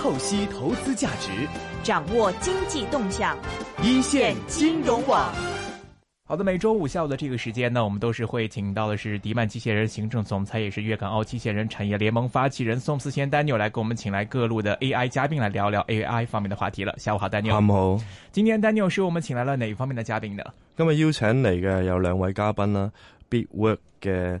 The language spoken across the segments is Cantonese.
透析投資價值，掌握經濟動向，一線金融網。好的，每周五下午的這個時間呢，我們都是會請到的是迪曼機械人行政總裁，也是粵港澳機械人產業聯盟發起人宋思賢 Daniel 來跟我們請來各路的 AI 嘉賓來聊聊 AI 方面的話題了。下午好，Daniel。下午、嗯、好。今天 Daniel 是我們請來了哪一方面的嘉賓呢？今日邀請嚟嘅有兩位嘉賓啦，BitWork 嘅。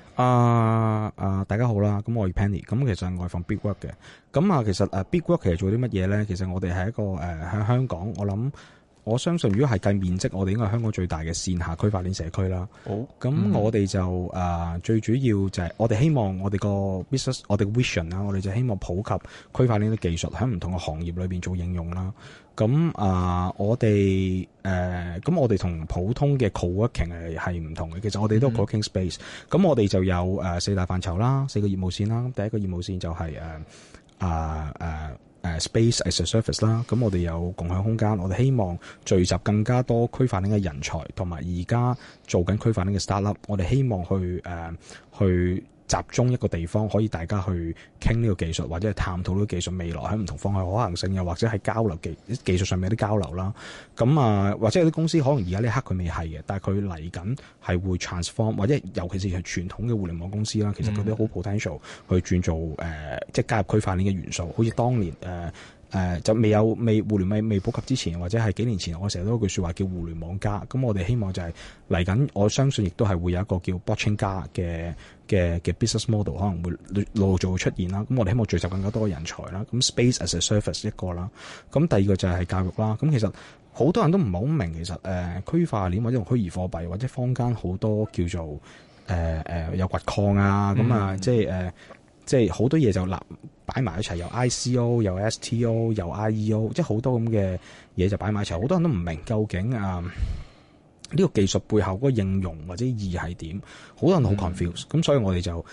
啊啊，大家好啦！咁我係 Penny，咁其實係外放 BigWork 嘅。咁啊，其實誒 BigWork 其實做啲乜嘢咧？其實我哋係、uh, 一個誒喺、uh, 香港，我諗。我相信如果係計面積，我哋應該係香港最大嘅線下區塊鏈社區啦。好、哦，咁我哋就誒、嗯呃、最主要就係我哋希望我哋個 business，我哋 vision 啦，我哋就希望普及區塊鏈嘅技術喺唔同嘅行業裏面做應用啦。咁啊、呃，我哋誒咁我哋同普通嘅 co-working 係係唔同嘅。其實我哋都有 co-working space、嗯。咁我哋就有、呃、四大範疇啦，四個業務線啦。第一個業務線就係誒啊誒、uh, Space as a Service 啦，咁我哋有共享空間，我哋希望聚集更加多區塊鏈嘅人才，同埋而家做緊區塊鏈嘅 start up，我哋希望去誒、uh, 去。集中一個地方可以大家去傾呢個技術，或者係探討呢個技術未來喺唔同方向可行性，又或者係交流技技術上面啲交流啦。咁啊，或者有啲公司可能而家呢刻佢未係嘅，但係佢嚟緊係會 transform，或者尤其是係傳統嘅互聯網公司啦，其實佢都好 potential 去轉做誒，即、呃、係、就是、加入區塊鏈嘅元素，好似當年誒。呃誒、呃、就未有未互聯網未普及之前，或者係幾年前，我成日都有句說話叫互聯網加。咁我哋希望就係嚟緊，我相信亦都係會有一個叫 botching 加嘅嘅嘅 business model 可能會陸續出現啦。咁我哋希望聚集更加多嘅人才啦。咁 space as a service 一個啦。咁第二個就係教育啦。咁其實好多人都唔係好明，其實誒、呃、區塊鏈或者用虛擬貨幣或者坊間好多叫做誒、呃呃、有掘礦啊咁啊，即係誒。呃即係好多嘢就立擺埋一齊，有 ICO、有 STO、有 IEO，即係好多咁嘅嘢就擺埋一齊。好多人都唔明究竟啊呢、嗯呢個技術背後嗰個應用或者意義係點，好多人都好 confuse，咁所以我哋就。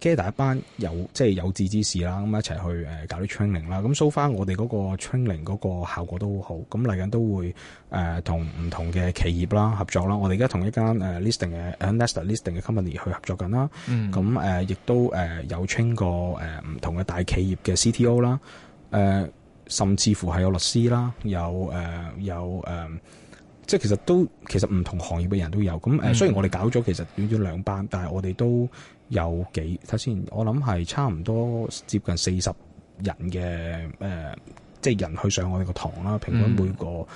gather 一班有即係、就是、有志之士啦，咁一齊去誒、嗯、搞啲 training 啦、嗯。咁 so far 我哋嗰個 training 嗰個效果都好。咁嚟緊都會誒、呃、同唔同嘅企業啦合作啦。我哋而家同一間誒 listing 嘅，nest listing 嘅 company 去合作緊啦。咁誒亦都誒、呃、有 train 過唔、呃、同嘅大企業嘅 CTO 啦、呃。誒甚至乎係有律師啦，有誒、呃、有誒、呃，即係其實都其實唔同行業嘅人都有。咁、嗯、誒、嗯、雖然我哋搞咗其實短短兩班，但係我哋都。有幾，睇先看看，我諗係差唔多接近四十人嘅誒、呃，即係人去上我哋個堂啦。平均每個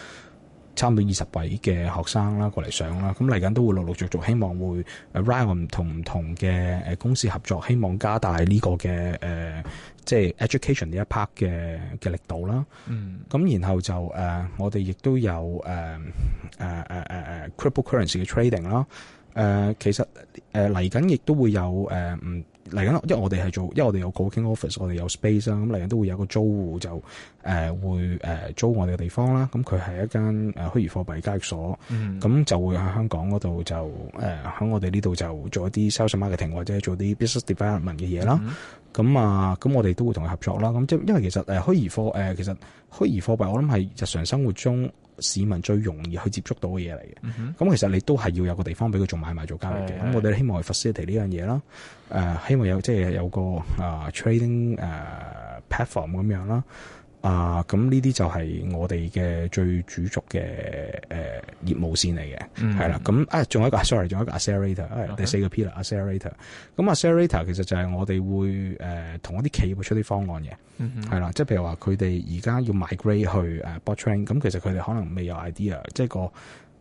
差唔多二十位嘅學生啦，過嚟上啦。咁嚟緊都會陸陸續續，希望會誒 join 唔同唔同嘅公司合作，希望加大呢個嘅誒、呃，即係 education 呢一 part 嘅嘅力度啦。Mm. 嗯。咁然後就誒、呃，我哋亦都有誒誒誒 cryptocurrency 嘅 trading 啦。誒、呃、其實誒嚟緊亦都會有誒唔嚟緊，因為我哋係做，因為我哋有 co-working office，我哋有 space 啦、嗯，咁嚟緊都會有個租戶就誒、呃、會誒、呃、租我哋嘅地方啦。咁佢係一間誒虛擬貨幣交易所，咁、嗯嗯、就會喺香港嗰度就誒喺、呃、我哋呢度就做一啲 sales marketing 或者做啲 business development 嘅嘢啦。咁、嗯、啊，咁我哋都會同佢合作啦。咁、嗯、即因為其實誒虛擬貨、呃、其實虛擬貨幣，我諗係日常生活中。市民最容易去接觸到嘅嘢嚟嘅，咁、嗯、其實你都係要有個地方俾佢做買賣做交易嘅。咁、嗯、我哋希望係 facilitate 呢樣嘢啦，希望有即係、就是、有個 uh, trading uh, platform 咁樣啦。啊，咁呢啲就係我哋嘅最主軸嘅誒業務線嚟嘅，係、嗯、啦。咁啊，仲有一個、啊、sorry，仲有一個 accelerator、okay. 啊、第四個 pillar accelerator。咁 accelerator 其實就係我哋會誒同、呃、一啲企業會出啲方案嘅，係、嗯、啦。即係譬如話佢哋而家要 migrate 去、啊、bot train 咁其實佢哋可能未有 idea，即係個。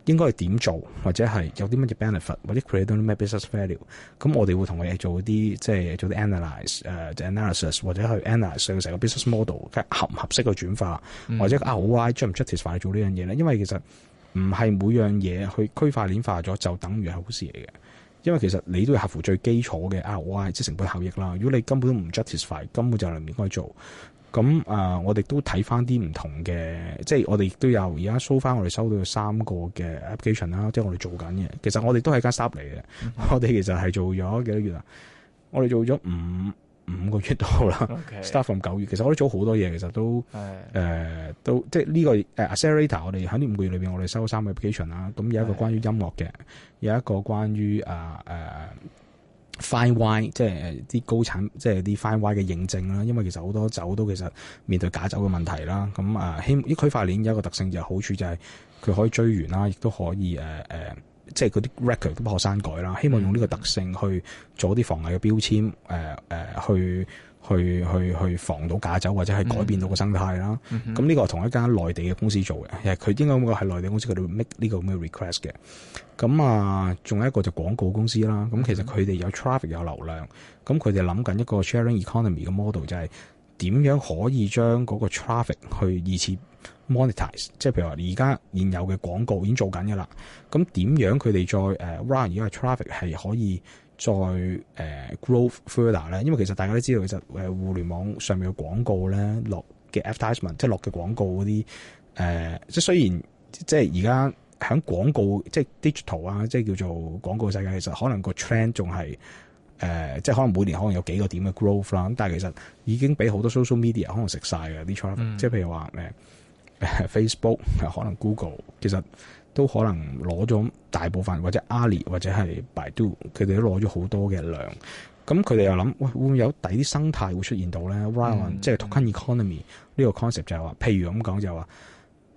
應該係點做，或者係有啲乜嘢 benefit，或者 create 到啲咩 business value？咁我哋會同佢哋做啲即係做啲 analyze, uh, analysis，analysis 或者去 analyze 分析成個 business model，合唔合適嘅轉化，或者 ROI 將唔 justify 做這件事呢樣嘢咧？因為其實唔係每樣嘢去區塊鏈化咗就等於係好事嚟嘅，因為其實你都要合乎最基礎嘅 ROI 即成本效益啦。如果你根本都唔 justify，根本就唔應該做。咁啊、呃，我哋都睇翻啲唔同嘅，即係我哋亦都有。而家 so far 我哋收到三個嘅 application 啦，即係我哋做緊嘅。其實我哋都係一間 start 嚟嘅、嗯，我哋其實係做咗幾多月啊？我哋做咗五五個月度啦。Okay. Start from 九月，其實我哋做好多嘢，其實都誒、呃、都，即係、這、呢個誒、uh, accelerator。我哋喺呢五個月裏邊，我哋收三個 application 啦。咁有一個關於音樂嘅，有一個關於啊、呃呃 fine wine，即係啲高產，即係啲 fine wine 嘅認證啦。因為其實好多酒都其實面對假酒嘅問題啦。咁啊，希呢區塊鏈有一個特性就係好處就係佢可以追源啦，亦都可以誒誒、呃，即係嗰啲 record 都不可刪改啦。希望用呢個特性去做啲防偽嘅標籤，誒、呃呃、去。去去去防到假酒或者係改變到個生態啦。咁、mm、呢 -hmm. 個係同一間內地嘅公司做嘅，其實、mm、佢 -hmm. 應該咁講係內地公司，佢哋 make 呢個咁嘅 request 嘅。咁啊，仲有一個就廣告公司啦。咁其實佢哋有 traffic 有流量，咁佢哋諗緊一個 sharing economy 嘅 model，就係點樣可以將嗰個 traffic 去二次 monetize。即係譬如話，而家現有嘅廣告已經做緊嘅啦，咁點樣佢哋再誒 run 而家嘅 traffic 係可以？再 grow further 咧，因為其實大家都知道，其實互聯網上面嘅廣告咧落嘅 advertisement，即係落嘅廣告嗰啲、呃、即係雖然即係而家喺廣告即係 digital 啊，即係叫做廣告世界，其實可能個 trend 仲係、呃、即係可能每年可能有幾個點嘅 growth 啦，但係其實已經俾好多 social media 可能食晒嘅啲 traffic，即係譬如話、呃、Facebook 可能 Google 其實。都可能攞咗大部分，或者阿里或者係 Do，佢哋都攞咗好多嘅量。咁佢哋又諗，喂，會唔會有抵啲生態會出現到咧？即係 token economy 呢個 concept 就係話，譬如咁講就話，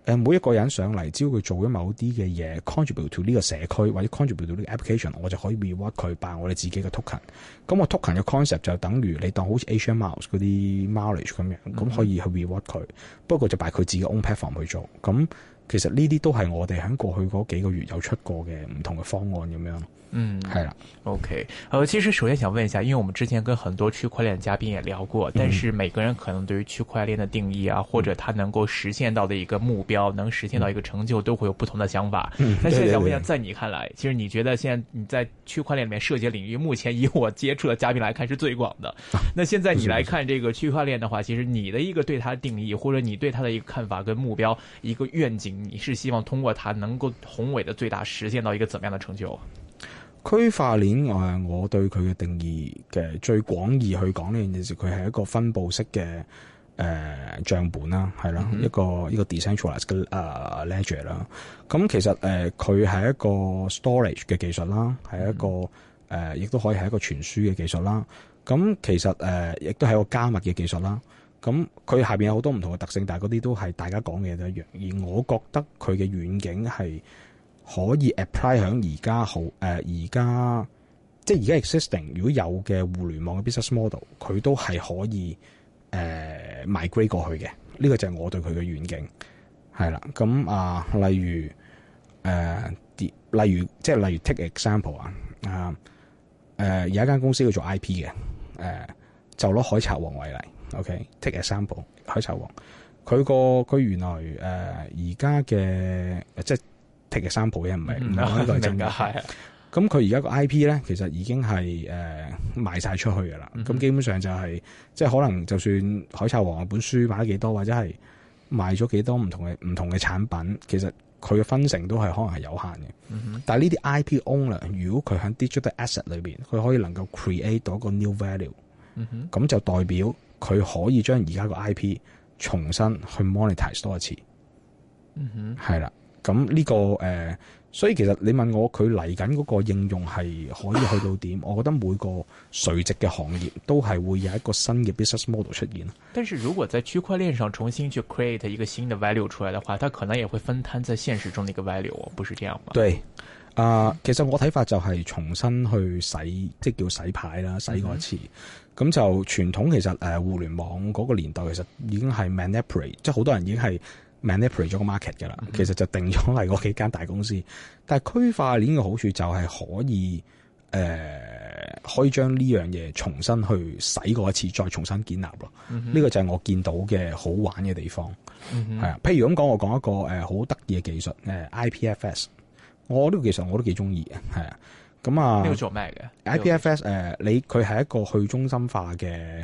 誒每一個人上嚟，只要佢做咗某啲嘅嘢，contribute to 呢個社區或者 contribute to 呢個 application，我就可以 reward 佢，擺我哋自己嘅 token。咁我 token 嘅 concept 就等於你當好似 a s i a m a s 嗰啲 mileage 咁樣，咁可以去 reward 佢。不過就擺佢自己個 o n p a o r 房去做咁。其實呢啲都係我哋喺過去嗰幾個月有出過嘅唔同嘅方案咁樣。嗯，係啦。OK，呃，其實首先想問一下，因為我們之前跟很多區塊鏈的嘉賓也聊過，嗯，但是每個人可能對於區塊鏈的定義啊，或者他能夠實現到的一個目標，嗯，能實現到一個成就，嗯，都會有不同的想法。嗯，但現在想問一下，在你看來，其實你覺得現在你在區塊鏈裏面涉及領域，目前以我接觸的嘉賓來看，是最廣的啊。那現在你來看，這個區塊鏈的話，其實你的一個對它的定義，或者你對它的一個看法，跟目標，一個願景。你是希望通過它能夠宏偉的最大實現到一個怎麼樣的成就？區塊鏈，我係我對佢嘅定義嘅最廣義去講呢件事，佢係一個分布式嘅誒賬本啦，係、嗯、啦，一個一個 decentralized 嘅、呃、誒 ledger 啦。咁、嗯、其實誒佢係一個 storage 嘅技術啦，係一個誒亦都可以係一個傳輸嘅技術啦。咁、嗯、其實誒、呃、亦都係一個加密嘅技術啦。咁佢下邊有好多唔同嘅特性，但係嗰啲都係大家講嘅嘢都一樣。而我覺得佢嘅遠景係可以 apply 喺而家好誒，而、呃、家即係而家 existing 如果有嘅互聯網嘅 business model，佢都係可以誒呃、migrate 過去嘅呢、這個就係我對佢嘅遠景係啦。咁啊、嗯呃，例如誒、呃，例如即係例如 take example 啊啊誒，有一間公司叫做 I P 嘅誒、呃，就攞海賊王為例。O.K. take example 海賊王》那個，佢個佢原來誒而家嘅即係 take example 嘅唔係唔係內置嘅係。咁佢而家個的的 I.P. 咧，其實已經係誒、呃、賣晒出去噶啦。咁、嗯、基本上就係、是、即係可能，就算《海賊王》嘅本書買咗幾多，或者係賣咗幾多唔同嘅唔同嘅產品，其實佢嘅分成都係可能係有限嘅、嗯。但呢啲 I.P. owner 如果佢喺 digital asset 裏面，佢可以能夠 create 到個個 new value，咁、嗯、就代表。佢可以將而家個 IP 重新去 monetize 多一次，嗯哼，係啦。咁呢個，誒，呃，所以其實你問我佢嚟緊嗰個應用係可以去到點？ 我覺得每個垂直嘅行業都係會有一個新嘅 business model 出現。但是如果在區塊鏈上重新去 create 一個新的 value 出來的話，它可能也會分攤在現實中的一個 value，不是這樣嗎？對。啊、呃，其實我睇法就係重新去洗，即係叫洗牌啦，洗過一次。咁、嗯、就傳統其實誒、呃、互聯網嗰個年代其實已經係 manipulate，即係好多人已經係 manipulate 咗個 market 㗎啦、嗯。其實就定咗嚟嗰幾間大公司。嗯、但係區塊鏈嘅好處就係可以誒、呃，可以將呢樣嘢重新去洗過一次，再重新建立咯。呢、嗯這個就係我見到嘅好玩嘅地方。係、嗯、啊，譬如咁講，我講一個誒好得意嘅技術、呃、IPFS。哦這個、技術我呢個其實我都幾中意，係啊咁啊。呢個做咩嘅？IPFS 誒，你佢係、呃、一個去中心化嘅誒、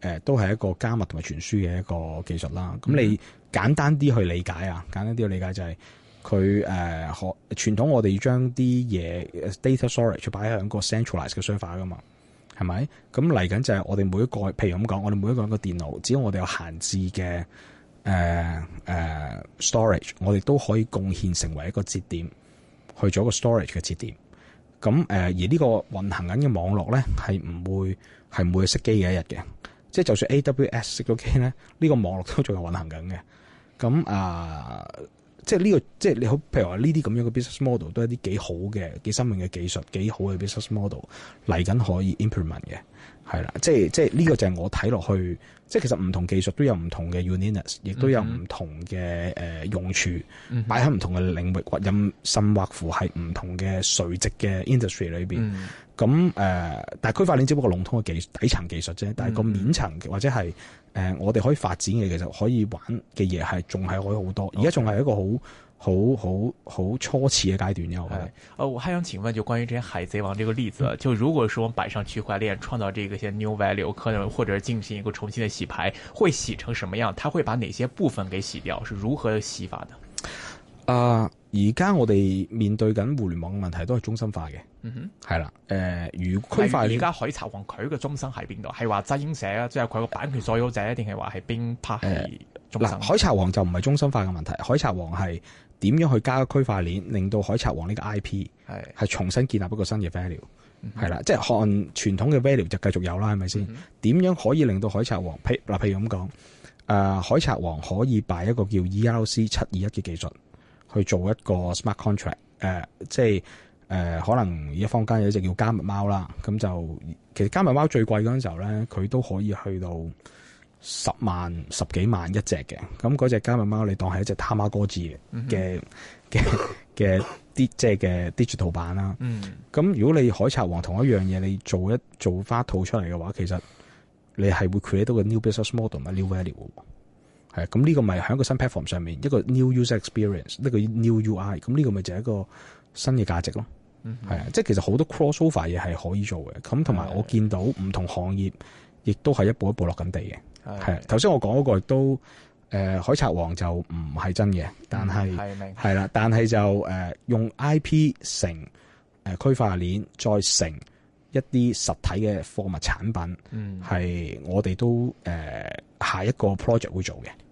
呃，都係一個加密同埋傳輸嘅一個技術啦。咁你簡單啲去理解啊，簡單啲去理解就係佢誒學傳統我。我哋要將啲嘢 data storage 擺喺一個 centralized 嘅 server 噶嘛，係咪？咁嚟緊就係我哋每一個，譬如咁講，我哋每一個個電腦，只要我哋有閒置嘅 storage，我哋都可以貢獻成為一個節點。去咗個 storage 嘅節點，咁誒而呢個運行緊嘅網絡咧，係唔會係唔會熄機嘅一日嘅，即係就算 AWS 熄咗機咧，呢個網絡都仲係運行緊嘅，咁啊。即係、這、呢個，即係你好，譬如話呢啲咁樣嘅 business model 都係啲幾好嘅，幾生命嘅技術，幾好嘅 business model 嚟緊可以 implement 嘅，係啦。即係即係呢個就係我睇落去，即係其實唔同技術都有唔同嘅 uniqueness，亦都有唔同嘅誒用處，擺喺唔同嘅領域、嗯、或任甚或乎係唔同嘅垂直嘅 industry 裏邊。嗯咁、呃、但係區塊鏈只不過籠統嘅技底層技術啫，但係個面層、嗯、或者係、呃、我哋可以發展嘅其實可以玩嘅嘢係仲係可以好多。而家仲係一個、okay. 好好好好初始嘅階段嘅。係、呃。我係想請問就關於這些海賊王呢個例子，就如果說我擺上區塊鏈創造這個些 new value，可能或者進行一個重新嘅洗牌，會洗成什麼樣？它會把哪些部分給洗掉？是如何洗法的？啊、呃。而家我哋面對緊互聯網嘅問題都係中心化嘅，嗯哼，係啦。誒、呃，如區塊鏈而家《海賊王》，佢嘅中心喺邊度？係話集英社啊，即係佢個版權所有者，定係話係邊拍係中心？《海賊王》就唔係中心化嘅問題，《海賊王》係點樣去加區塊鏈，令到《海賊王》呢個 I P 係係重新建立一個新嘅 value，係啦，即、嗯、係、就是、看傳統嘅 value 就繼續有啦，係咪先？點、嗯、樣可以令到海賊王如、呃《海賊王》？譬如嗱，譬如咁講，誒，《海賊王》可以擺一個叫 ERC 七二一嘅技術。去做一個 smart contract，誒、呃，即係誒、呃，可能這一坊間有一隻叫加密貓啦，咁就其實加密貓最貴嗰陣時候咧，佢都可以去到十萬、十幾萬一隻嘅，咁嗰隻加密貓你當係一隻他媽哥池嘅嘅嘅啲即係嘅 digital 版啦。咁、嗯、如果你海賊王同一樣嘢，你做一做花套出嚟嘅話，其實你係會 create 到個 new business model new value 喎。係，咁呢個咪喺一個新 platform 上面，一個 new user experience，一個 new UI，咁呢個咪就係一個新嘅價值咯。係啊、mm -hmm.，即係其實好多 crossover 嘢係可以做嘅。咁同埋我見到唔同行業亦都係一步一步落緊地嘅。係、mm -hmm.，頭先我講嗰個亦都誒、呃、海賊王就唔係真嘅，但係係、mm -hmm. 啦，但係就誒、呃、用 IP 乘誒區塊鏈再乘一啲實體嘅貨物產品，係、mm -hmm. 我哋都誒、呃、下一個 project 會做嘅。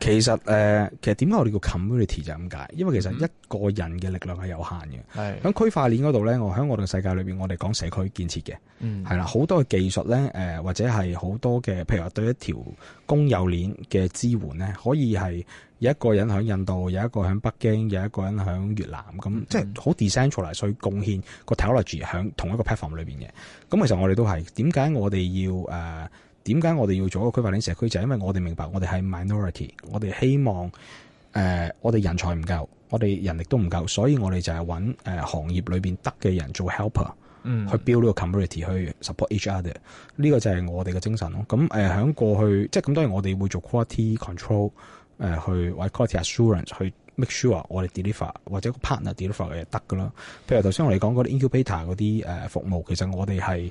其實誒、呃，其實點解我哋叫 community 就咁解，因為其實一個人嘅力量係有限嘅。喺響區塊鏈嗰度咧，我喺我哋世界裏面，我哋講社區建設嘅。嗯。係啦，好多嘅技術咧、呃，或者係好多嘅，譬如話對一條公有鏈嘅支援咧，可以係有一個人喺印度，有一個喺北京，有一個人喺越南，咁即係好 decentralized 嚟，所以貢獻個 technology 喺同一個 platform 裏面嘅。咁其實我哋都係點解我哋要誒、呃點解我哋要做一個區塊鏈社區？就係、因為我哋明白我哋係 minority，我哋希望、呃，我哋係 minority，我哋希望誒，我哋人才唔夠，我哋人力都唔夠，所以我哋就係揾、呃、行業裏面得嘅人做 helper，、嗯、去 build 呢個 community，去 support each other。呢、呢個就係我哋嘅精神咯。咁、嗯、誒，喺、呃、過去即係咁，當然我哋會做 quality control，誒、呃、去或者 quality assurance 去 make sure 我哋 deliver 或者個 partner deliver 嘅得噶啦。譬如頭先我哋講嗰啲 incubator 嗰啲、呃、服務，其實我哋係。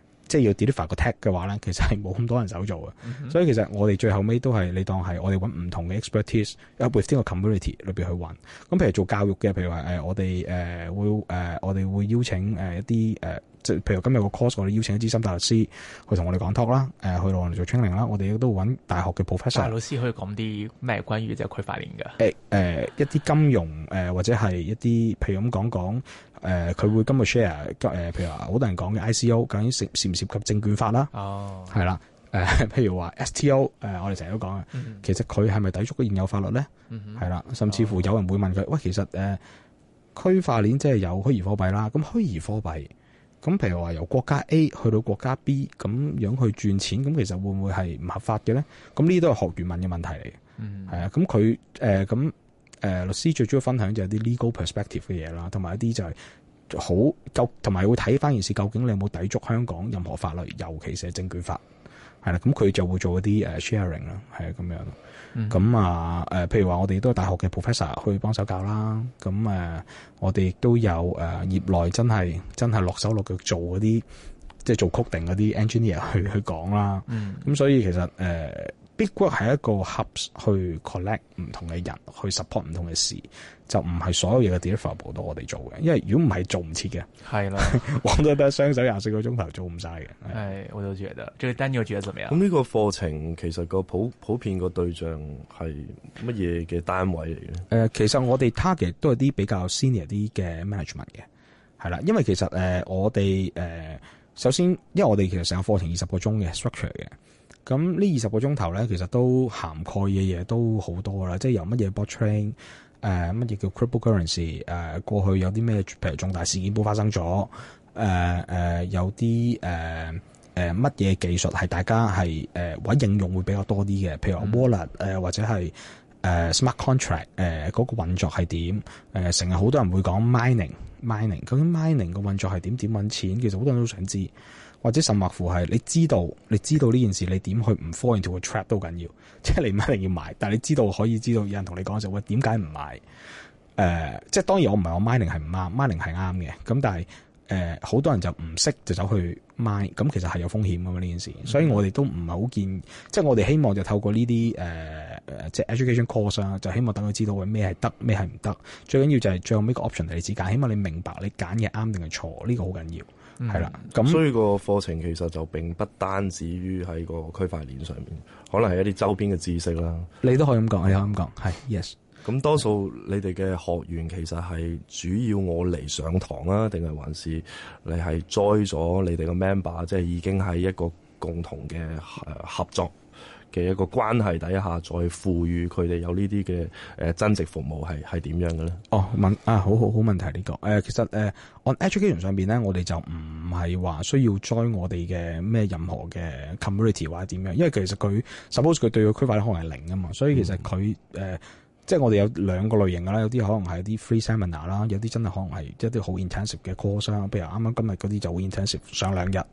即係要 develop 個 tech 嘅話咧，其實係冇咁多人手做嘅，mm -hmm. 所以其實我哋最後尾都係你當係我哋揾唔同嘅 expertise，within 個 community 裏面去玩。咁譬如做教育嘅，譬如話、呃、我哋誒會、呃、我哋會邀請一啲誒，即、呃、係譬如今日個 course，我哋邀請一資深大律師去同我哋講 talk 啦、呃，去同我哋做 training 啦。我哋都揾大學嘅 professor。大律師可以講啲咩關於即係區塊鏈嘅？誒、就是呃呃、一啲金融、呃、或者係一啲譬如咁講講。誒、呃，佢會今日 share，誒，譬如話好多人講嘅 ICO，究竟涉唔涉及證券法啦？哦，係啦。誒、呃，譬如話 STO，誒、呃，我哋成日都講嘅、嗯，其實佢係咪抵觸嗰現有法律咧？係、嗯、啦，甚至乎有人會問佢，喂，其實誒，區塊鏈即係有虛擬貨幣啦，咁虛擬貨幣，咁譬如話由國家 A 去到國家 B，咁樣去轉錢，咁其實會唔會係唔合法嘅咧？咁呢啲都係學員問嘅問題嚟嘅。係、嗯、啊，咁佢誒，咁。呃誒、呃、律師最主要分享就係啲 legal perspective 嘅嘢啦，同埋一啲就係好夠，同埋會睇返件事究竟你有冇抵觸香港任何法律，尤其是係證券法，係啦。咁佢就會做一啲 sharing 啦，係啊咁樣。咁、嗯、啊、呃、譬如話我哋都係大學嘅 professor 去幫手教啦。咁誒、呃，我哋都有誒、呃、業內真係真係落手落腳做嗰啲，即係做 coding 嗰啲 engineer 去去講啦。咁、嗯、所以其實誒。呃 Big Work 係一個 Hub 去 collect 唔同嘅人去 support 唔同嘅事，就唔係所有嘢嘅 deliverable 都我哋做嘅，因為如果唔係做唔切嘅。係啦，我 多得雙手廿四個鐘頭做唔晒嘅。係，我都覺得。最、這、Daniel、個、覺得點樣？咁、這、呢個課程其實個普普遍個對象係乜嘢嘅單位嚟嘅？誒、呃，其實我哋 target 都係啲比較 senior 啲嘅 management 嘅，係啦，因為其實誒、呃、我哋誒、呃、首先，因為我哋其實成個課程二十個鐘嘅 structure 嘅。咁呢二十個鐘頭咧，其實都涵蓋嘅嘢都好多啦，即係由乜嘢 bot trading、呃、乜嘢叫 cryptocurrency，誒、呃、過去有啲咩譬如重大事件都發生咗，誒、呃呃、有啲誒乜嘢技術係大家係誒揾應用會比較多啲嘅，譬如 wallet、呃、或者係誒、呃、smart contract 誒、呃、嗰、嗰個運作係點，誒成日好多人會講 mining mining，究竟 mining 個運作係點點搵錢，其實好多人都想知。或者甚或乎係你知道，你知道呢件事你點去唔 fall into a trap 都緊要，即係你唔一定要買，但你知道可以知道有人同你講就喂點解唔買？誒、uh,，即係當然我唔係話 mining 係唔啱，mining 係啱嘅。咁但係好、uh, 多人就唔識就走去 Mining，咁其實係有風險㗎嘛呢件事。所以我哋都唔係好建議，即係我哋希望就透過呢啲誒即 education course 啊，就希望等佢知道佢咩係得，咩係唔得。最緊要就係最後每個 option 你自己揀，希望你明白你揀嘅啱定係錯，呢、這個好緊要。係啦，咁、嗯嗯、所以個課程其實就並不單止於喺個區塊鏈上面，可能係一啲周邊嘅知識啦。你都可以咁講、嗯，你可以咁講。係，yes。咁多數你哋嘅學員其實係主要我嚟上堂啊，定係還是你係 join 咗你哋嘅 member，即係已經係一個共同嘅誒合作。嘅一個關係底下，再賦予佢哋有呢啲嘅誒增值服務，係係點樣嘅咧？哦，oh，問啊，好好好問題呢個，呃，其實誒，呃，on education 上面咧，我哋就唔係話需要 join 我哋嘅咩任何嘅 community 或者點樣，因為其實佢 suppose 佢對個區塊可能係零啊嘛，所以其實佢誒，嗯，呃，即係我哋有兩個類型啦，有啲可能係啲 free seminar 啦，有啲真係可能係一啲好 intensive 嘅 course 啦，譬如啱啱今日嗰啲就好 intensive 上兩日，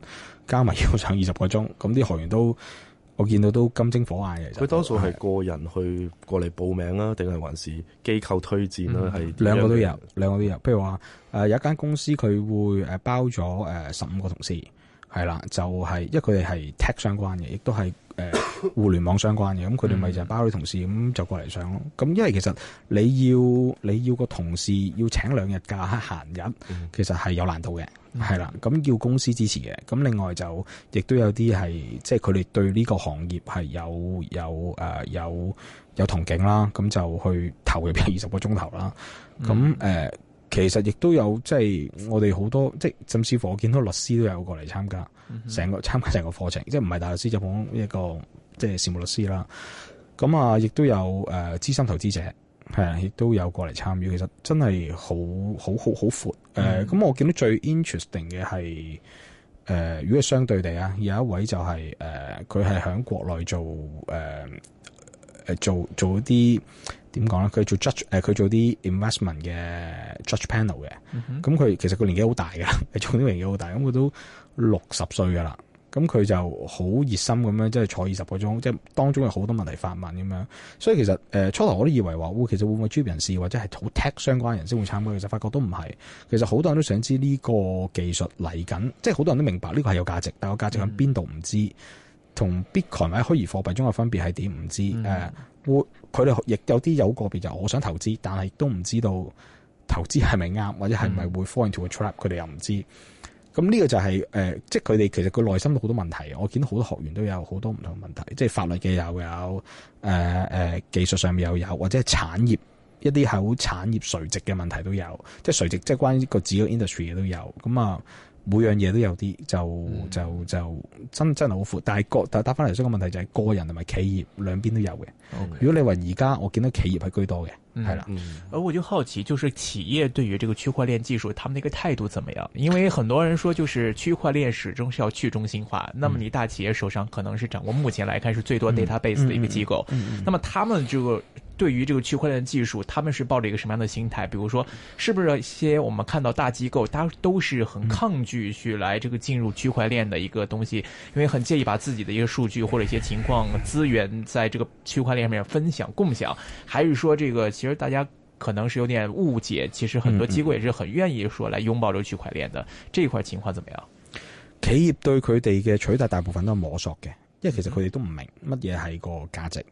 加埋要上二十個鐘，咁啲學員都。我見到都金睛火眼嘅，佢多數係個人去過嚟報名啦，定係還是機構推薦啦？係、嗯、兩個都有，兩個都有。譬如話，誒有一間公司佢會包咗誒十五個同事，係啦，就係、是、因為佢哋係 Tech 相關嘅，亦都係互聯網相關嘅，咁佢哋咪就係包啲同事咁 就過嚟上咯。咁因為其實你要你要個同事要請兩日假閒日，其實係有難度嘅。係啦，咁要公司支持嘅。咁另外就亦都有啲係，即係佢哋對呢個行業係有有誒、呃、有有憧憬啦。咁就去投入去二十個鐘頭啦。咁誒、呃，其實亦都有即係我哋好多，即係甚至乎我見到律師都有過嚟參加，成個參加成個課程，即係唔係大律師，就講、是、一個，一個即係事務律師啦。咁啊，亦都有誒資、呃、深投資者。係，亦都有過嚟參與，其實真係好好好好闊。誒、嗯、咁、呃、我見到最 interesting 嘅係，誒、呃、如果相對地啊，有一位就係、是、誒、呃、佢係響國內做、誒、呃、誒做做一啲點講咧，佢做 judge，誒、呃、佢做啲 investment 嘅 judge panel 嘅。咁、嗯、佢、嗯、其實佢年紀好大噶， 做啲年紀好大，咁佢都六十歲噶啦。咁佢就好熱心咁樣，即係坐二十個鐘，即係當中有好多問題發問咁樣。所以其實誒、呃、初頭我都以為話，會其實會唔會專業人士或者係好 tech 相關人先會參加。其實發覺都唔係。其實好多人都想知呢個技術嚟緊，即係好多人都明白呢個係有價值，但個價值喺邊度唔知，同、嗯、Bitcoin 或者虛擬貨幣中嘅分別係點唔知誒，會佢哋亦有啲有個別就係、我想投資，但係都唔知道投資係咪啱，或者係咪會 fall into a trap，佢哋又唔知。咁、這、呢個就係、是呃、即係佢哋其實個內心好多問題。我見到好多學員都有好多唔同問題，即係法律嘅又有，誒、呃呃、技術上面又有，或者係產業一啲係好產業垂直嘅問題都有，即係垂直即係關於個自己 industry 嘅都有。咁啊～每樣嘢都有啲，就就就，就真真係好闊。但係個但係答翻嚟，所以個問題就係個人同埋企業兩邊都有嘅。Okay. 如果你話而家我見到企業係居多嘅，係、嗯、啦。而、嗯、我就好奇，就是企業對於這個區塊鏈技術，他們的一個態度怎麼樣？因為很多人說，就是區塊鏈始終是要去中心化。那麼你大企業手上可能是掌握目前來看是最多 data base、嗯、的一個機構、嗯嗯嗯。那麼他們就對於這個區塊鏈技術，他們是抱着一個什麼樣的心態？比如說，是不是一些我們看到大機構，大家都是很抗拒去來這個進入區塊鏈的一個東西，因為很介意把自己的一個數據或者一些情況資源在這個區塊鏈上面分享共享？還是說，這個其實大家可能是有點誤解，其實很多機構也是很願意說來擁抱這個區塊鏈的這一塊情況怎麼樣？企業對佢哋嘅取態大部分都是摸索嘅。因為其實佢哋都唔明乜嘢係個價值，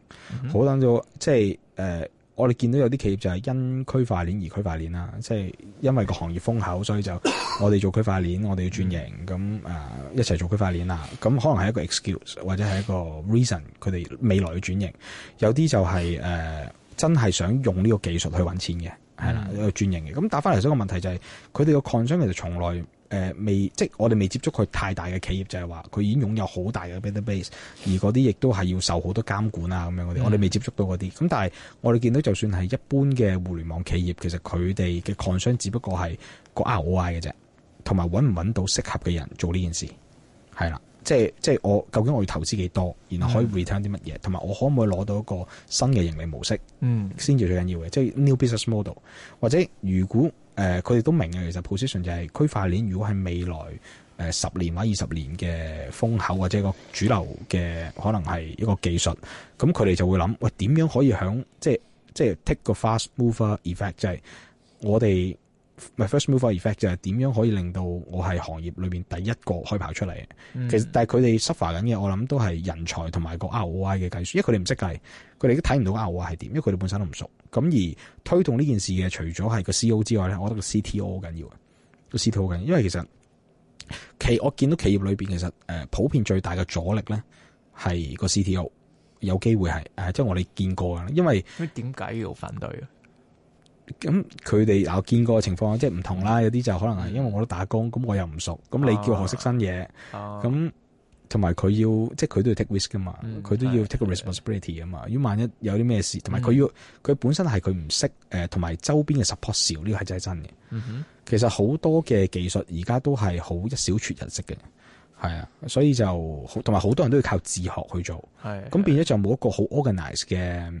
好等咗即係誒，我哋見到有啲企業就係因區塊鏈而區塊鏈啦，即、就、係、是、因為個行業風口，所以就我哋做區塊鏈，我哋要轉型，咁、嗯、誒、呃、一齊做區塊鏈啦。咁可能係一個 excuse 或者係一個 reason，佢哋未來要轉型。有啲就係、是、誒、呃、真係想用呢個技術去揾錢嘅，係、嗯、啦，轉型嘅。咁打翻嚟所以個問題就係、是，佢哋個 concern 其實從來。誒、呃、未，即係我哋未接觸佢太大嘅企業，就係話佢已經擁有好大嘅 data base，而嗰啲亦都係要受好多監管啊咁樣嗰啲，我哋未接觸到嗰啲。咁但係我哋見到就算係一般嘅互聯網企業，其實佢哋嘅 concern 只不過係個 ROI 嘅啫，同埋揾唔揾到適合嘅人做呢件事，係啦，即係即係我究竟我要投資幾多，然後可以 return 啲乜嘢，同埋我可唔可以攞到一個新嘅盈利模式，嗯，先至最緊要嘅，即係 new business model，或者如果。誒、呃，佢哋都明嘅，其實 position 就係區塊鏈。如果係未來誒十、呃、年或者二十年嘅風口，或者個主流嘅可能係一個技術，咁佢哋就會諗，喂、呃、點樣可以響，即係即係 take 個 fast mover effect，就係我哋。First mover effect 就係點樣可以令到我係行業裏面第一個開跑出嚟，嗯？其實但係佢哋 suffer 緊嘅，我諗都係人才同埋個 ROI 嘅計算，因為佢哋唔識計，佢哋都睇唔到 ROI 係點，因為佢哋本身都唔熟。咁而推動呢件事嘅，除咗係個 CO 之外咧，我覺得個 CTO 好緊要嘅，個 CTO 緊，因為其實我見到企業裏面，其實普遍最大嘅阻力咧係個 CTO 有機會係，即係我哋見過嘅，因為點解要反對啊？咁佢哋啊，見過嘅情況即係唔同啦。有啲就可能係因為我都打工，咁我又唔熟。咁你叫學識新嘢，咁同埋佢要即係佢都要 take risk 噶嘛，佢、嗯、都要 take responsibility 啊嘛。如果萬一有啲咩事，同埋佢要佢本身係佢唔識誒，同埋周邊嘅 support 少，呢、這個係真係真嘅。其實好多嘅技術而家都係好一小撮人識嘅，係啊，所以就同埋好多人都要靠自學去做。咁變咗就冇一個好 organized 嘅。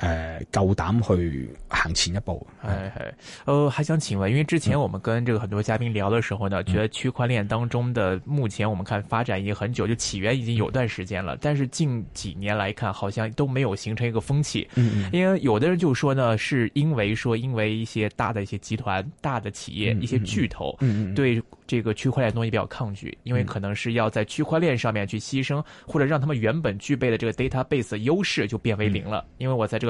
呃，夠膽去行前一步。係、hey, hey, 呃、還想請問，因為之前我們跟這個很多嘉賓聊的時候呢，嗯、覺得區塊鏈當中的目前我們看發展已經很久，就起源已經有段時間了、嗯。但是近幾年來看，好像都沒有形成一個風氣、嗯嗯。因為有的人就說呢，是因為說因為一些大的一些集團、大的企業、嗯、一些巨頭，嗯嗯、對這個區塊鏈的東西比較抗拒，因為可能是要在區塊鏈上面去犧牲、嗯，或者讓他們原本具備的這個 database 的優勢就變為零了、嗯。因為我在這個。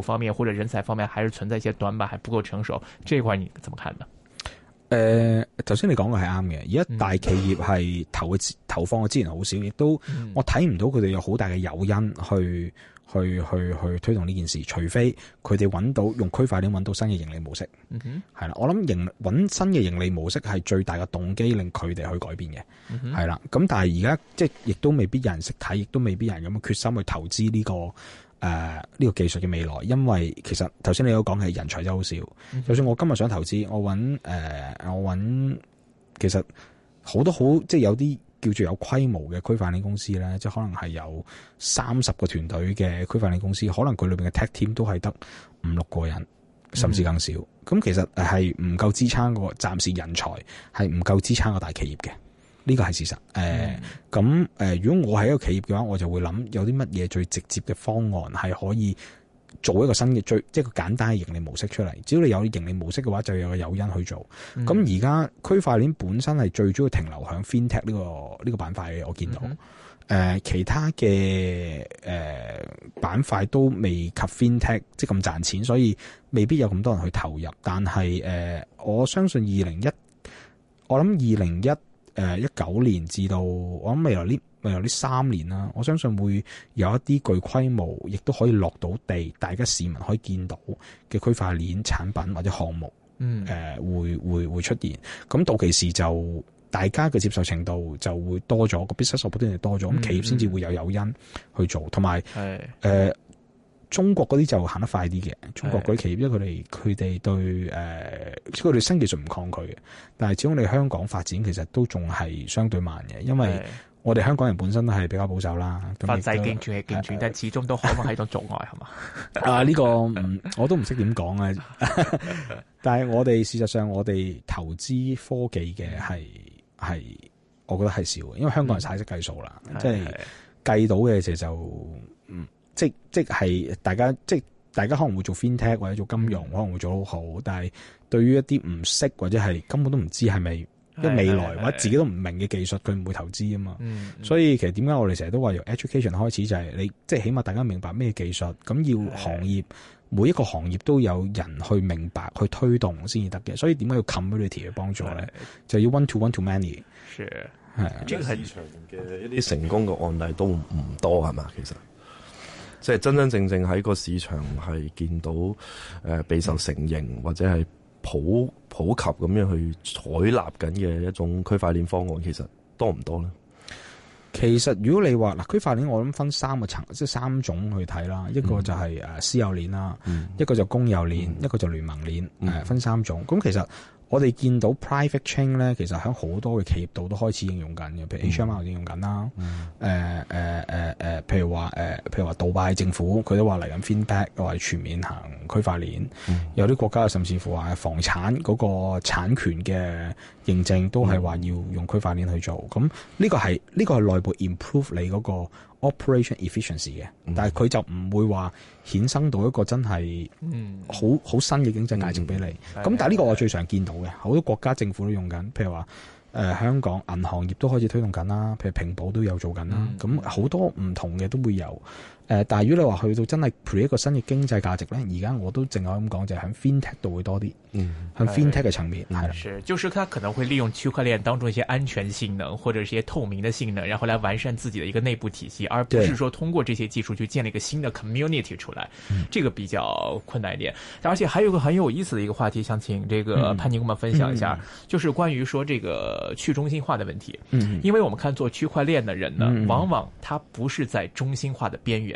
方面或者人才方面，還是存在一些短板，還不夠成熟。這一塊你怎麼看呢？誒、呃，頭先你講嘅係啱嘅。而家大企業係投嘅、嗯、投放嘅資源好少，亦都、嗯、我睇唔到佢哋有好大嘅誘因去去去去，去推動呢件事，除非佢哋搵到用區塊鏈搵到新嘅盈利模式。嗯哼，係啦，我諗盈搵新嘅盈利模式係最大嘅動機，令佢哋去改變嘅。係、嗯、啦，咁但係而家即係亦都未必有人識睇，亦都未必有人咁嘅決心去投資呢、這個。誒、呃，呢、這個技術嘅未來，因為其實頭先你都講係人才真好少、嗯。就算我今日想投資，我搵誒、呃，我搵其實好多好即係有啲叫做有規模嘅區塊鏈公司咧，即係可能係有三十個團隊嘅區塊鏈公司，可能佢裏邊嘅 tech team 都係得五六個人，甚至更少。咁、嗯嗯、其實係唔夠支撐個，暫時人才係唔夠支撐個大企業嘅。呢個係事實。誒咁、呃呃、如果我係一個企業嘅話，我就會諗有啲乜嘢最直接嘅方案係可以做一個新嘅最即係個簡單嘅盈利模式出嚟。只要你有盈利模式嘅話，就有個誘因去做。咁而家區塊鏈本身係最主要停留喺 FinTech 呢個呢個板塊嘅。我見到其他嘅、呃、板塊都未及 FinTech 即係咁賺錢，所以未必有咁多人去投入。但係、呃、我相信二零一我諗二零一。誒一九年至到，我諗未來呢未來呢三年啦，我相信會有一啲具規模，亦都可以落到地，大家市民可以見到嘅區塊鏈產品或者項目，嗯，誒會會會出現。咁到期時就大家嘅接受程度就會多咗，個必失數不斷就多咗，咁企業先至會有誘因去做，同埋誒中國嗰啲就行得快啲嘅，中國嗰啲企業，因為佢哋佢哋對誒，佢哋新技術唔抗拒嘅。但係始終你香港發展其實都仲係相對慢嘅，因為我哋香港人本身都係比較保守啦。法制健全係健全，啊、但係始終都可能係種障礙，係 嘛？啊，呢、呢個、嗯、我都唔識點講啊！ 但係我哋事實上，我哋投資科技嘅係係，我覺得係少嘅，因為香港人踩識計數啦、嗯，即係計到嘅就就嗯。即即係大家，即大家可能會做 FinTech 或者做金融，可能會做得好好。但係對於一啲唔識或者係根本都唔知係咪即未來或者自己都唔明嘅技術，佢唔會投資啊嘛。所以其實點解我哋成日都話由 education 開始就是，就係你即係起碼大家明白咩技術，咁要行業每一個行業都有人去明白去推動先至得嘅。所以點解要 community 嘅幫助咧？就要 one to one to many。係啊，呢個係市場嘅一啲成功嘅案例都唔多係嘛？其實。即係真真正正喺個市場係見到誒、呃、備受承認或者係普普及咁樣去採納緊嘅一種區塊鏈方案，其實多唔多咧？其實如果你話嗱區塊鏈，我諗分三個層，即係三種去睇啦。一個就係誒私有鏈啦、嗯，一個就公有鏈，嗯、一個就聯盟鏈。誒、嗯、分三種。咁其實。我哋見到 private chain 咧，其實喺好多嘅企業度都開始應用緊嘅、嗯呃呃呃呃呃，譬如 H&M 應用緊啦，誒誒誒譬如話譬如話杜拜政府佢都話嚟緊 feedback，又係全面行區塊鏈，有啲國家甚至乎話房產嗰個產權嘅認證都係話要用區塊鏈去做，咁、嗯、呢個係呢、這個係內部 improve 你嗰、那個。operation efficiency 嘅、嗯，但係佢就唔會話衍生到一個真係好好新嘅經濟價值俾你。咁、嗯、但係呢個我最常見到嘅，好多國家政府都用緊，譬如話、呃、香港銀行業都開始推動緊啦，譬如平保都有做緊啦，咁、嗯、好多唔同嘅都會有。誒、呃，大係如果話去到真係 create 一個新的經濟價值咧，而家我都淨係咁講，就係、是、喺 fintech 度會多啲，喺、嗯嗯、fintech 嘅層面係、嗯。是，就是佢可能會利用區塊鏈當中一些安全性能或者一些透明的性能，然後來完善自己的一個內部體系，而不是說通過這些技術去建立一個新的 community 出來。這個比較困難一點。嗯、而且還有一個很有意思嘅一個話題想請這個潘尼跟我們分享一下、嗯嗯，就是關於說這個去中心化嘅問題。嗯，因為我們看做區塊鏈嘅人呢、嗯，往往他不是在中心化的邊緣。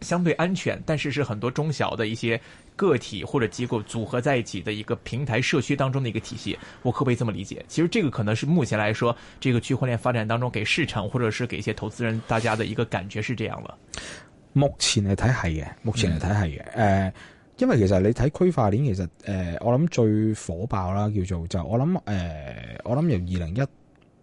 相對安全，但是是很多中小的一些個體或者機構組合在一起的一個平台社區當中的一個體系，我可不可以這麼理解？其實這個可能是目前來說，這個區塊鏈發展當中給市場或者是給一些投資人大家的一個感覺是這樣了。目前嚟睇係嘅，目前嚟睇係嘅，誒、嗯，因為其實你睇區塊鏈，其實誒，我諗最火爆啦，叫做就我諗，誒、呃，我諗由二零一。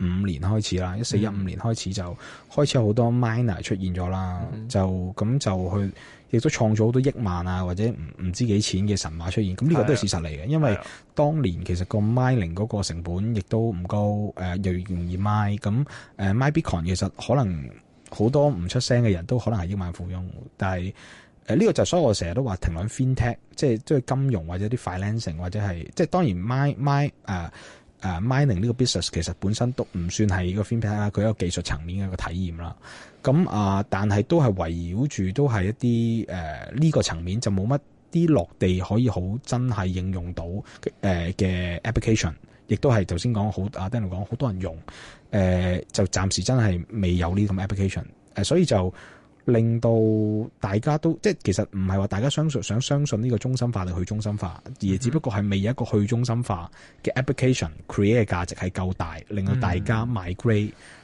五年開始啦，一四一五年開始就開始有好多 miner 出現咗啦、嗯，就咁就去亦都創造好多億萬啊，或者唔唔知幾錢嘅神馬出現，咁呢個都係事實嚟嘅、嗯，因為當年其實個 mining 嗰個成本亦都唔高，誒、呃、又容易 mine 咁 mine Bitcoin 其實可能好多唔出聲嘅人都可能係億萬富翁，但係呢、呃呢個就所以我成日都話停喺 fintech，即係即係金融或者啲 financing 或者係即係當然 mine mine, mine、呃 Uh, mining 呢個 business 其實本身都唔算係個 fintech 啦，佢一個技術層面嘅一個體驗啦。咁啊，但係都係圍繞住都係一啲誒呢個層面就冇乜啲落地可以好真係應用到誒嘅 application，亦都係頭先講好阿 Daniel 講好多人用誒、呃，就暫時真係未有呢種 application，所以就。令到大家都即係其實唔係話大家相信想相信呢個中心化定去中心化，而只不過係未有一個去中心化嘅 application create 嘅價值係夠大，令到大家 migrate。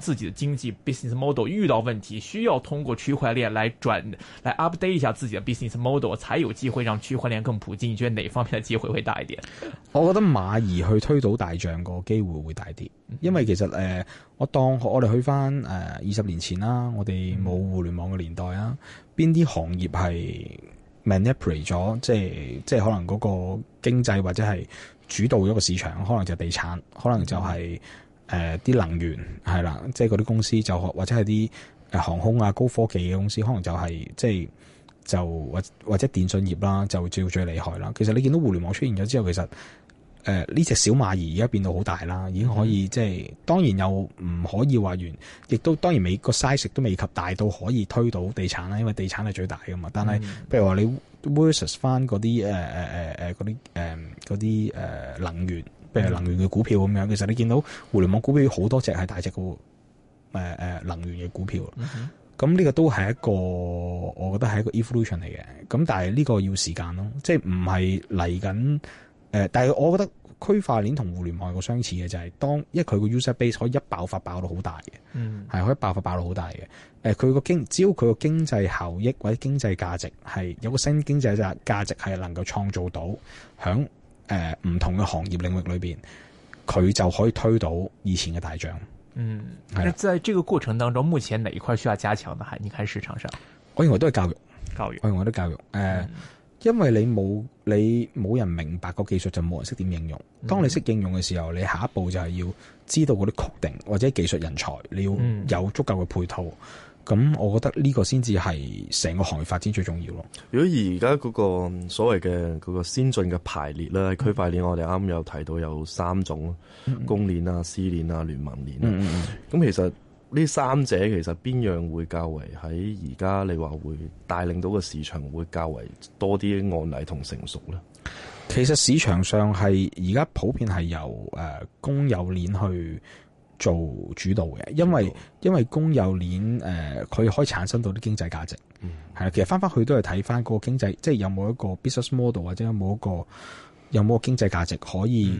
自己的經濟 business model 遇到問題，需要通過區塊鏈來轉，來 update 一下自己的 business model，才有機會讓區塊鏈更普及。你覺得哪方面嘅機會會大一點？我覺得馬兒去推倒大象個機會會大啲，因為其實誒、呃，我當我哋去翻誒二十年前啦，我哋冇互聯網嘅年代啊，邊、嗯、啲行業係 manipulate 咗，即係即係可能嗰個經濟或者係主導咗個市場，可能就係地產，可能就係、是。嗯誒、呃、啲能源係啦，即係嗰啲公司就或或者係啲誒航空啊、高科技嘅公司，可能就係、是、即係就或或者電信業啦，就會照最厲害啦。其實你見到互聯網出現咗之後，其實誒呢隻小馬兒而家變到好大啦，已經可以、嗯、即係當然又唔可以話完，亦都當然美個 size 都未及大到可以推到地產啦，因為地產係最大噶嘛。但係譬、嗯、如話你 versus 返嗰啲誒誒誒誒嗰啲誒嗰啲誒能源。譬如能源嘅股票咁樣，其實你見到互聯網股票好多隻係大隻嘅，誒誒能源嘅股票，咁、嗯、呢個都係一個，我覺得係一個 evolution 嚟嘅。咁但係呢個要時間咯，即係唔係嚟緊誒？但係我覺得區塊鏈同互聯網有個相似嘅就係、是、當一佢個 user base 可以一爆發爆到好大嘅，係、嗯、可以爆發爆到好大嘅。誒、呃，佢個經只要佢個經濟效益或者經濟價值係有個新經濟值價值係能夠創造到響。誒、呃，唔同嘅行業領域裏邊，佢就可以推到以前嘅大將。嗯，喺在這個過程當中，目前哪一塊需要加強呢？你看市場上，我認為都係教育，教育我認為都係教育。誒、呃、嗯，因為你冇你冇人明白個技術，就冇人識點應用。當你識應用嘅時候、嗯，你下一步就係要知道嗰啲確定或者技術人才，你要有足夠嘅配套。嗯嗯咁，我覺得呢個先至係成個行業發展最重要咯。如果而家嗰個所謂嘅嗰個先進嘅排列咧，區塊鏈我哋啱有提到有三種：公鏈啊、私鏈啊、聯盟鏈。咁其實呢三者其實邊樣會較為喺而家？你話會帶領到個市場會較為多啲案例同成熟咧？其實市場上係而家普遍係由誒公有鏈去。做主導嘅，因為因為公有鏈誒，佢、呃、可以產生到啲經濟價值，係、嗯、啊，其實翻返去都係睇翻個個經濟，即、就、係、是、有冇一個 business model 或者有冇一個有冇經濟價值可以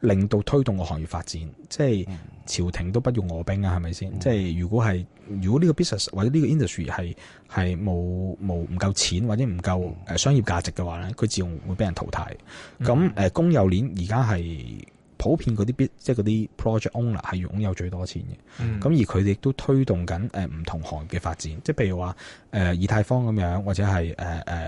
令到推動個行業發展，嗯、即係朝廷都不用餓兵啊，係咪先？即係如果係如果呢個 business 或者呢個 industry 係係冇冇唔夠錢或者唔夠商業價值嘅話咧，佢自然會俾人淘汰。咁誒公有鏈而家係。普遍嗰啲即係嗰啲 project owner 係擁有最多錢嘅，咁、嗯、而佢哋亦都推動緊唔同行業嘅發展，即係譬如話誒、呃、以太坊咁樣，或者係誒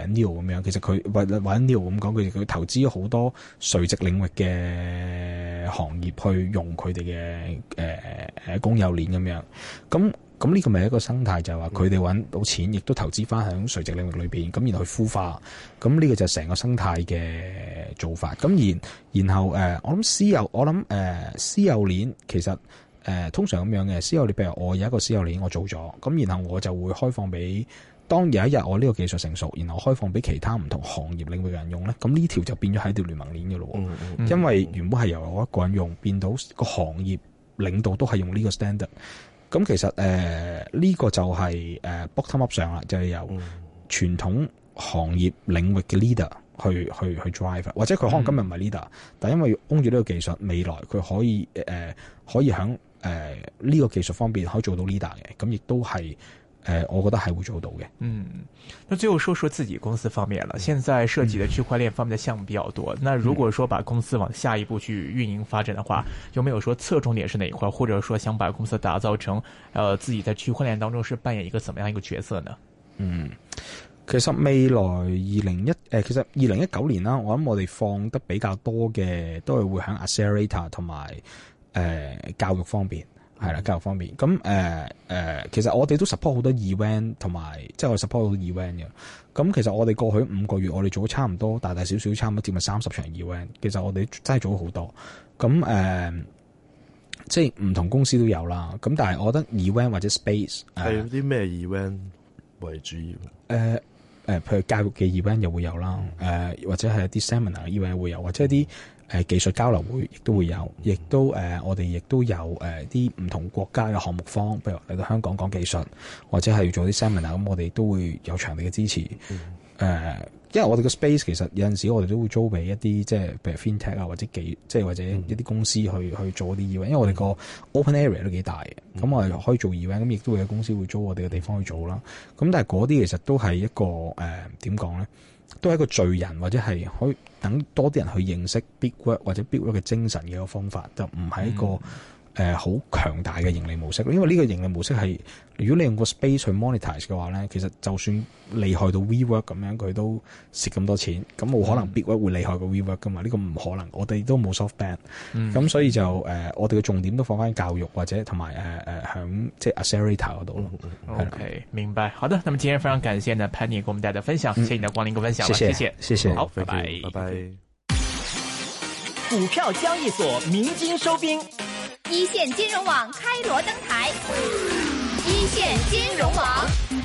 Neo 咁樣，其實佢或或者 Neo 咁講，佢佢投資好多垂直領域嘅行業去用佢哋嘅誒誒公有鏈咁樣，咁。咁呢個咪一個生態，就係話佢哋揾到錢，亦都投資翻喺垂直領域裏面，咁然後去孵化。咁呢個就係成個生態嘅做法。咁然然後我諗私有，我諗誒私有鏈其實誒通常咁樣嘅私有鏈，譬如我有一個私有鏈，我做咗，咁然後我就會開放俾當有一日我呢個技術成熟，然後開放俾其他唔同行業領域嘅人用咧，咁呢條就變咗係條聯盟鏈嘅咯。因為原本係由我一個人用，變到個行業領導都係用呢個 standard。咁其實誒呢、呃這個就係誒 bottom up 上啦，就係、是、由傳統行業領域嘅 leader 去去去 drive，或者佢可能今日唔係 leader，嗯、但因為用住呢個技術，未來佢可以誒、呃、可以喺誒呢個技術方面可以做到 leader 嘅，咁亦都係。誒、呃，我覺得係會做到嘅。嗯，那最後說說自己公司方面啦，現在涉及的區塊鏈方面的項目比較多，嗯。那如果說把公司往下一步去運營發展的話，嗯，有沒有說側重點是哪一塊，或者說想把公司打造成，呃自己在區塊鏈當中是扮演一個怎麼樣一個角色呢？嗯，其實未來二零一誒，其實二零一九年啦，啊，我諗我哋放得比較多嘅，都係會喺 accelerator 同埋誒教育方面。係啦，教育方面，咁誒誒，其實我哋都 support 好多 event 同埋，即係我 support 好多 event 嘅。咁其實我哋過去五個月，我哋做咗差唔多，大大小小差唔多接近三十場 event。其實我哋真係做咗好多。咁誒，即係唔同公司都有啦。咁但係我覺得 event 或者 space 係啲咩 event 為主要？誒、呃、誒、呃，譬如教育嘅 event 又會有啦，誒、呃、或者係一啲 seminar 嘅 event 又會有，或者一啲。誒、呃、技術交流會亦都會有，亦都誒、呃、我哋亦都有誒啲唔同國家嘅項目方，譬如嚟到香港講技術，或者係要做啲 seminar 咁、嗯、我哋都會有場地嘅支持。誒、嗯呃，因為我哋個 space 其實有陣時我哋都會租俾一啲即係譬如 FinTech 啊，或者幾即係或者一啲公司去、嗯、去做啲 event，因為我哋個 open area 都幾大嘅，咁、嗯、我哋可以做 event，咁亦都會有公司會租我哋嘅地方去做啦。咁但係嗰啲其實都係一個誒點講咧？呃都係一個罪人，或者係可以等多啲人去認識 BigWork 或者 BigWork 嘅精神嘅一個方法，就唔係一個，嗯誒、呃、好強大嘅盈利模式，因為呢個盈利模式係如果你用個 space 去 monetize 嘅話咧，其實就算厲害到 WeWork 咁樣，佢都蝕咁多錢，咁冇可能 Bitwise 會厲害過 WeWork 噶嘛？呢、這個唔可能，我哋都冇 SoftBank，咁、嗯、所以就誒、呃、我哋嘅重點都放翻教育或者同埋誒誒響即係阿 accelerator 嗰度咯。OK，明白。好的，那麼今日非常感謝呢 Penny 跟我們大家分享，嗯、謝謝你的光臨跟分享，謝謝，謝謝。好謝謝，拜拜，拜拜。股票交易所鳴金收兵。一線金融網開鑼登台，一線金融網。